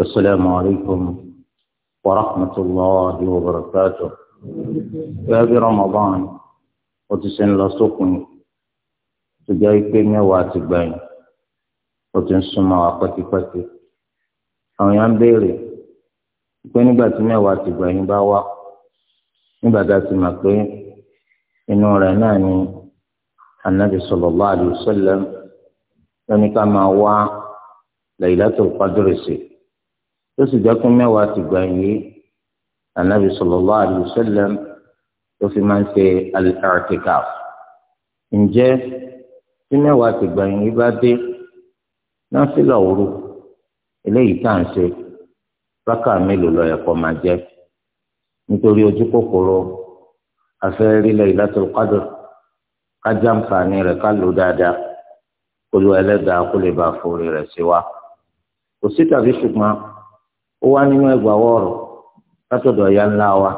السلام عليكم ورحمة الله وبركاته يا برمضان وتسن لسوقني تجاي كيميا واتبعين وتنسوا مواقتي فتي أو ينبيري pé nígbà tí mẹ́wàá ti gbẹ̀yìn bá wá nígbà tá a ti mọ̀ pé inú rẹ̀ náà ni anabi sallallahu alaihi wasallam lóní ká máa wá Lailatul Qadr sí i tó sì jẹ́ pé mẹ́wàá ti gbà yìí anabi sallallahu alaihi wasallam tó fi máa ń ṣe al-i'tikaf ǹjẹ́ tí mẹ́wàá ti gbà yìí bá dé náà sílẹ̀ òru eléyìí tá à ń ṣe rákà mélòó lọ ẹ̀kọ́ máa jẹ́ nítorí ojú kòkòrò afẹ́rí Laylatul Qadr kájà ǹfààní rẹ̀ ká lò dáadáa kó lu ẹlẹ́dàá kó lè bá forí rẹ̀ sí wa kò sí tàbí ṣùgbọ́n ó wá nínú ẹgbàá wọ̀rọ̀ látọ̀dọ̀ ya ńlá wa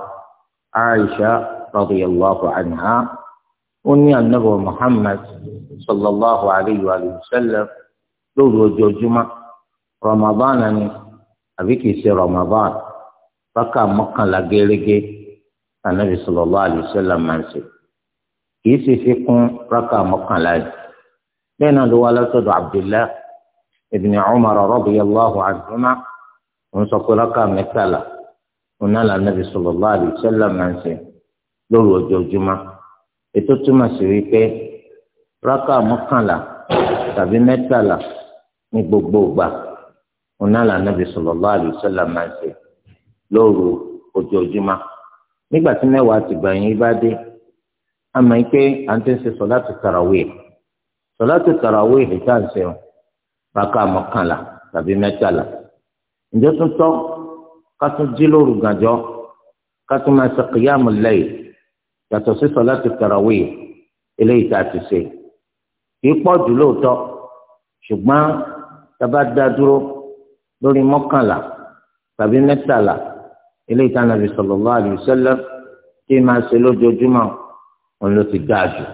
aisha radiyallahu anha ó ní anabi muhammad sallallahu alayhi wa sallam lóru ojoojúmọ́ ramadan ni àbí kìí ṣe ramadan bákà mọ́kànlá gẹ́gẹ́ anabi sallallahu alayhi wa sallam máa ń ṣe kìí ṣe fi kún rákà mọ́kànlá yìí bẹ́ẹ̀ náà ló wá látọ̀dọ̀ abdullah ibn umar radiyallahu anhuma òun sọ pé rákà mẹ́tàlá òun náà là nàbì sallallahu alaihi wasallam máa ń ṣe lóru ojoojúmọ́ ètò túmọ̀ sí wípé rákà mọ́kànlá tàbí mẹ́tàlá ní gbogbo ìgbà òun náà là nàbì sallallahu alaihi wasallam máa ń ṣe lóru ojoojúmọ́ nígbà tí mẹ́wàá ti gbàyìn bá dé àmọ́ pé à ń tẹ́ ṣe sọ̀láàtì tarawih sọ̀láàtì tarawih ìdíkà ń ṣe rákà mọ́kànlá tàbí mẹ́tàlá ǹjẹ́ tó tọ́ ká tún jí lóru gàjọ́ ká tún máa ṣe kìyàmù lẹ́yìn yàtọ̀ sí sọ̀láàtì tarawih eléyìí tá a ti ṣe kì í pọ̀ jù lóòótọ́ ṣùgbọ́n tábà dá dúró lórí mọ́kànlá tàbí mẹ́tàlá eléyìí tá a nàbì sallallahu alaihi wasallam tí máa ṣe lójoojúmọ́ òun ló ti dáa jù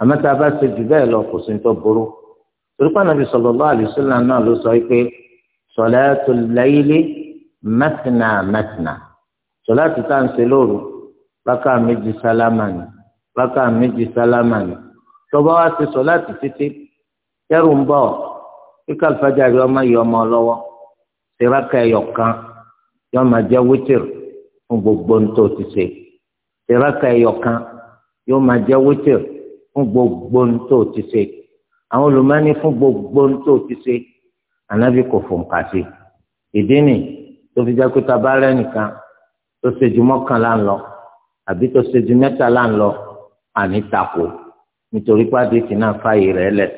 àmọ́ tá a bá ṣe jù bẹ́ẹ̀ lọ kò sí ní tó burú torípàá nàbì sallallahu alaihi wasallam náà ló sọ pé sọ̀láàtù láyílé mẹ́tìnà mẹ́tìnà sọ̀láàtù tá à ń ṣe lóru rákà méjì sálámà ni rákà méjì sálámà ni tọba wa ṣe sọ̀láàtù títí kẹrù ń bọ̀ kíkà fàjàrí ọmọ yìí ọmọ lọ́wọ́ ṣe rákà ẹyọ kan yọ máa jẹ́ wítìrì fún gbogbo ntọ́ ti ṣe ṣe rákà kan yọ máa jẹ́ wítìrì fún gbogbo ntọ́ ti ṣe àwọn olùmọ́ni fún gbogbo ntọ́ ti ṣe ànábì kò fòǹkà sí ìdí nì tó fi jẹ́ pé tábà rẹ̀ nìkan tó ṣe ju mọ́kànlá ńlọ àbí tó ṣe ju mẹ́tàlá ńlọ àní tako nítorí pàdé tì náà fààyè rẹ̀ lẹ̀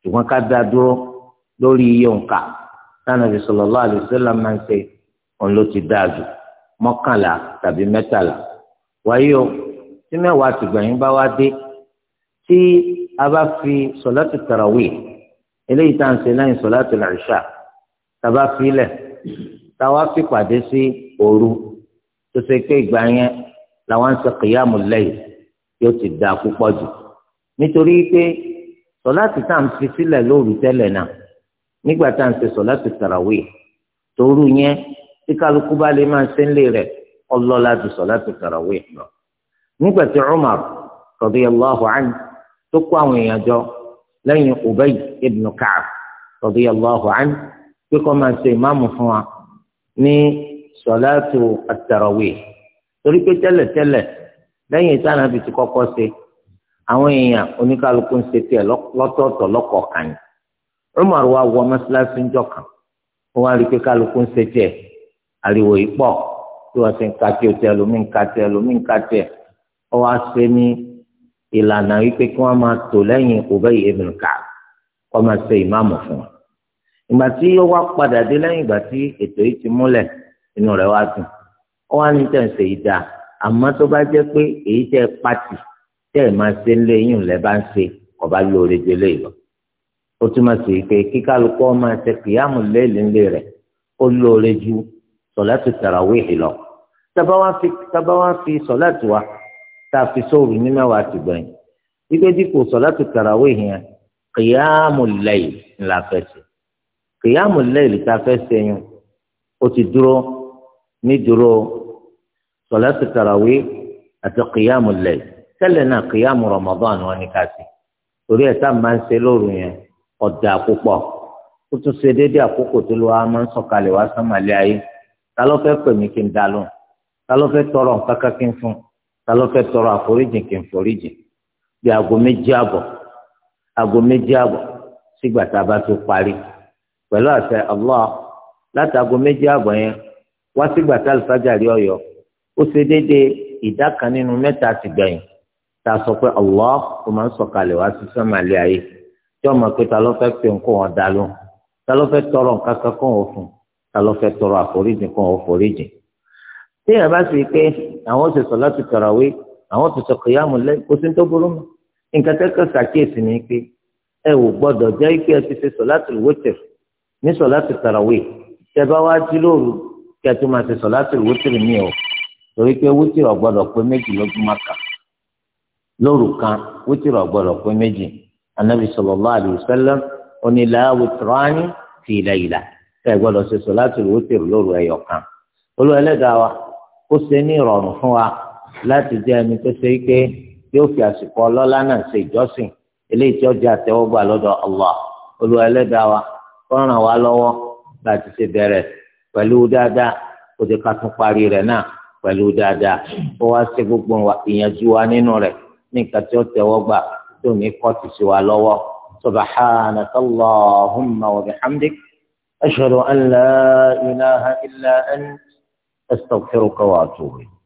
ṣùgbọ́n ká dá dúró lórí iye òǹkà tánàbí sallallahu alaihi wasallam máa ń ṣe òun ló ti dáa jù mọ́kànlá tàbí mẹ́tàlá wáyé o tí mẹ́wàá tìgbẹ̀yìn bá wá dé tí a bá fi sọ̀látù tarawih eléyìí tá à ń ṣe lẹ́yìn sọ̀látul ìṣà tàbá filẹ̀ táwa fi pàdé sí òru tó ṣe pé ìgbà yẹn làwọn ń ṣe kìyàmù lẹ́yìn yóò ti da púpọ̀ jù nítorí pé sọ̀láti tá à ń fi sílẹ̀ lóru tẹ́lẹ̀ náà nígbà tá à ń ṣe sọ̀láti tàràwé tóru yẹn tí kálukú bá lè máa ṣe ń lè rẹ̀ ọlọ́lá ju sọ̀láti tàràwé lọ nígbà tí Umar radiyallahu anhu tó kó àwọn èèyàn jọ lẹ́yìn Ubay ibn Ka'b radiyallahu anhu pé kó máa ṣe ìmáàmù fún wa ní sọ̀láàtù at-tarawih torí pé tẹ́lẹ̀tẹ́lẹ̀ lẹ́yìn tí Ànábì ti kọ́kọ́ ṣe àwọn èèyàn oníkálukú ń ṣe tiẹ̀ lọ́tọ̀ọ̀tọ̀ lọ́kọ̀ọ̀kan ni Umar wa wọ mọ́ṣáláṣí ń jọ wọ́n á rí pé kálukú ń ṣe tiẹ̀ ariwo yìí pọ̀ tí wọ́n ti ń ka tiẹ̀ lómi ń ka tiẹ̀ lọ́wọ́ á ṣe ní ìlànà wípé kí wọ́n máa tò lẹ́yìn Ubay ibn Ka'b kọ́ máa ṣe ìmáàmù fún wọn. ìgbà tí ó wá padà dé lẹ́yìn ìgbà tí ètò yìí ti múlẹ̀ inú rẹ̀ wá dùn ó wá ní tẹ̀sán yìí dáa àmọ́ tó bá jẹ́ pé èyí tẹ́ pàtì tẹ́ ẹ̀ máa ṣe lé yín lẹ́ bá ń ṣe kò lóore jẹ lé lọ. ó túmọ̀ sí pé kíkálukọ́ máa ṣe kìyàmù lélẹ̀ rẹ̀ ó lóore ju sọ̀látù tàràwíhì lọ. tábà wá fi sọ̀látù wa tá a fi sóòrù ní mẹ́wàá ti gbẹ̀yìn wípé dípò sọ̀láàtù tarawih yẹn kìyàmù lẹ́yìn ńlá fẹsẹ̀ kìyàmù lẹ́yìn tá a fẹ́ sẹ́yìn ó ti dúró ní dúró sọ̀láàtù tarawih àti kìyàmù lẹ́yìn tẹ́lẹ̀ náà kìyàmù Ramadan wọn ni ká sí torí ẹ̀ tá a máa ń ṣe lóru yẹn ọ̀dà púpọ̀ ó tún ṣe déédé àkókò tó lọ́wọ́ a máa ń sọ̀kalẹ̀ wá sánmàlẹ́ ayé ta ló fẹ́ pè mí kí n dá lóhùn ta ló fẹ́ tọrọ nǹkan fún un ta ló fẹ́ tọrọ àforíjì kì í foríjì bí aago méjì àbọ̀ aago méjì àbọ̀ sígbà tá a bá tó parí pẹ̀lú àṣẹ Allah láti aago méjì àbọ̀ yẹn wá sígbà tá alifájà rí ọyọ ó ṣe déédéé ìdá kan nínú ti gbẹ̀yìn tá a sọ pé Allah kò máa ń sọ̀kalẹ̀ wá sí sọ́màlì ayé tí ọmọ pé ta ló fẹ́ pè ń kó wọn dá lóhùn ta ló fẹ́ wọn fún ta ló fẹ́ tọrọ wọn foríjì téèyàn bá sì pé àwọn ti sọ láti kàràwé àwọn ti sọ kìyàmù lẹ kó sí tó burú mọ nǹkan tẹ́kọ̀ sàkíyèsí ni pé ẹ ò gbọ́dọ̀ jẹ́ pé ẹ ti ṣe sọ láti wọ́tẹ̀ ní sọ láti kàràwé tẹ bá wá jí lóru kí ẹ tún máa ṣe sọ láti wọ́tẹ̀ mi o torí pé wọ́tẹ̀ ò gbọ́dọ̀ pé méjì lógún má kà lóru kan wọ́tẹ̀ ò pé méjì anabi sallallahu alaihi wasallam onílà wọ́tẹ̀rání fi layla ẹ gbọ́dọ̀ wa ó ṣe ní ìrọ̀rùn fún wa láti jẹ́ ẹni tó ṣe pé yóò fi àsìkò ọlọ́lá náà ṣe ìjọsìn eléyìí tí ó jẹ́ àtẹ́wọ́gbà lọ́dọ̀ Allah olúwa ẹlẹ́dàá wa ó ràn wá lọ́wọ́ láti ṣe bẹ̀rẹ̀ pẹ̀lú dáadáa kó ti ká tún parí rẹ̀ náà pẹ̀lú dáadáa ó wá ṣe gbogbo ìyànjú wa nínú rẹ̀ ní nǹkan tí ó tẹ́wọ́gbà tó ní kọ́ọ̀tù sí wa lọ́wọ́ subhanaka Allahumma wa bihamdik ashhadu an la ilaha illa ant astaghfiruka wa atubu ilayk